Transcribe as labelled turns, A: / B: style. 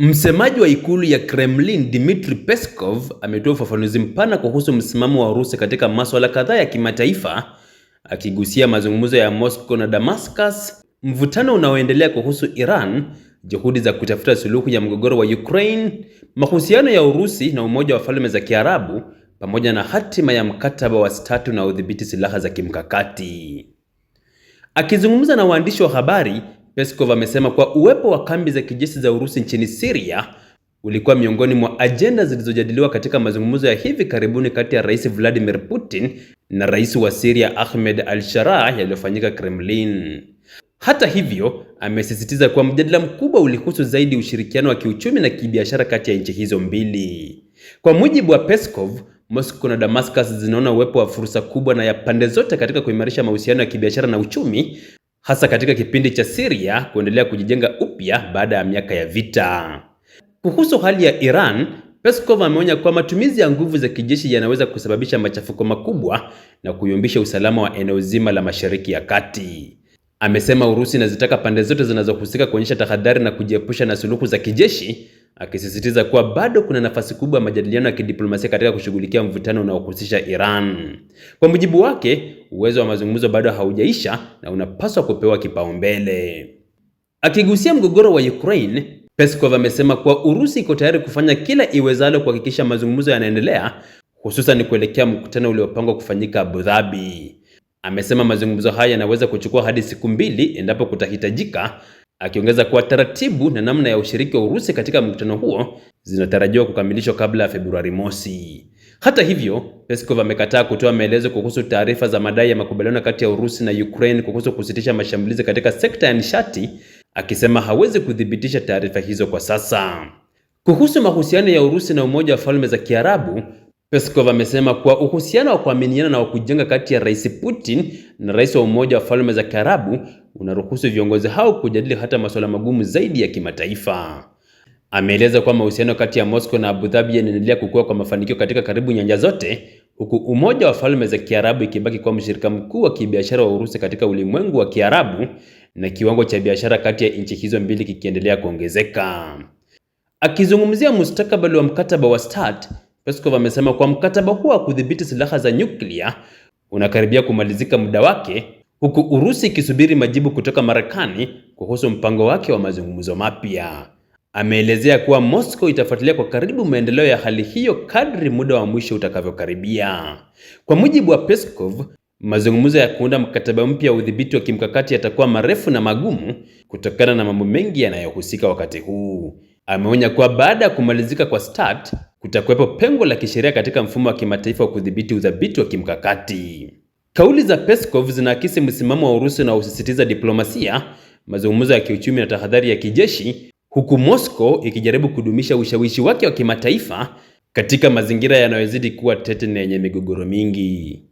A: Msemaji wa ikulu ya Kremlin, Dmitry Peskov, ametoa ufafanuzi mpana kuhusu msimamo wa Urusi katika masuala kadhaa ya kimataifa, akigusia mazungumzo ya Moscow na Damascus, mvutano unaoendelea kuhusu Iran, juhudi za kutafuta suluhu ya mgogoro wa Ukraine, mahusiano ya Urusi na Umoja wa Falme za Kiarabu, pamoja na hatima ya mkataba wa START na udhibiti silaha za kimkakati. Akizungumza na waandishi wa habari, Peskov amesema kuwa uwepo wa kambi za kijeshi za Urusi nchini Syria ulikuwa miongoni mwa ajenda zilizojadiliwa katika mazungumzo ya hivi karibuni kati ya Rais Vladimir Putin na Rais wa Syria Ahmed al-Sharaa yaliyofanyika Kremlin. Hata hivyo, amesisitiza kuwa mjadala mkubwa ulihusu zaidi ushirikiano wa kiuchumi na kibiashara kati ya nchi hizo mbili. Kwa mujibu wa Peskov, Moscow na Damascus zinaona uwepo wa fursa kubwa na ya pande zote katika kuimarisha mahusiano ya kibiashara na uchumi hasa katika kipindi cha Syria kuendelea kujijenga upya baada ya miaka ya vita. Kuhusu hali ya Iran, Peskov ameonya kuwa matumizi ya nguvu za kijeshi yanaweza kusababisha machafuko makubwa na kuyumbisha usalama wa eneo zima la Mashariki ya Kati. Amesema Urusi inazitaka pande zote zinazohusika kuonyesha tahadhari na kujiepusha na suluhu za kijeshi akisisitiza kuwa bado kuna nafasi kubwa ya majadiliano ya kidiplomasia katika kushughulikia mvutano unaohusisha Iran. Kwa mujibu wake, uwezo wa mazungumzo bado haujaisha na unapaswa kupewa kipaumbele. Akigusia mgogoro wa Ukraine, Peskov amesema kuwa Urusi iko tayari kufanya kila iwezalo kuhakikisha mazungumzo yanaendelea, hususan kuelekea mkutano uliopangwa kufanyika Abu Dhabi. Amesema mazungumzo haya yanaweza kuchukua hadi siku mbili endapo kutahitajika, akiongeza kuwa taratibu na namna ya ushiriki wa Urusi katika mkutano huo zinatarajiwa kukamilishwa kabla ya Februari mosi. Hata hivyo, Peskov amekataa kutoa maelezo kuhusu taarifa za madai ya makubaliano kati ya Urusi na Ukraine kuhusu kusitisha mashambulizi katika sekta ya nishati, akisema hawezi kuthibitisha taarifa hizo kwa sasa. Kuhusu mahusiano ya Urusi na Umoja wa Falme za Kiarabu, Peskov amesema kuwa uhusiano wa kuaminiana na wa kujenga kati ya Rais Putin na rais wa Umoja wa Falme za Kiarabu unaruhusu viongozi hao kujadili hata masuala magumu zaidi ya kimataifa. Ameeleza kuwa mahusiano kati ya Moscow na Abu Dhabi yanaendelea kukua kwa mafanikio katika karibu nyanja zote, huku Umoja wa Falme za Kiarabu ikibaki kuwa mshirika mkuu wa kibiashara wa Urusi katika ulimwengu wa Kiarabu na kiwango cha biashara kati ya nchi hizo mbili kikiendelea kuongezeka. Akizungumzia mustakabali wa mkataba wa START, Peskov amesema kuwa mkataba huo wa kudhibiti silaha za nyuklia unakaribia kumalizika muda wake huku Urusi ikisubiri majibu kutoka Marekani kuhusu mpango wake wa mazungumzo mapya. Ameelezea kuwa Moscow itafuatilia kwa karibu maendeleo ya hali hiyo kadri muda wa mwisho utakavyokaribia. Kwa mujibu wa Peskov, mazungumzo ya kuunda mkataba mpya wa udhibiti wa kimkakati yatakuwa marefu na magumu kutokana na mambo mengi yanayohusika wakati huu. Ameonya kuwa baada ya kumalizika kwa START kutakuwepo pengo la kisheria katika mfumo wa kimataifa wa kudhibiti udhabiti wa kimkakati. Kauli za Peskov zinaakisi msimamo wa Urusi na usisitiza diplomasia, mazungumzo ya kiuchumi na tahadhari ya kijeshi, huku Moscow ikijaribu kudumisha ushawishi wake wa kimataifa katika mazingira yanayozidi kuwa tete na yenye migogoro mingi.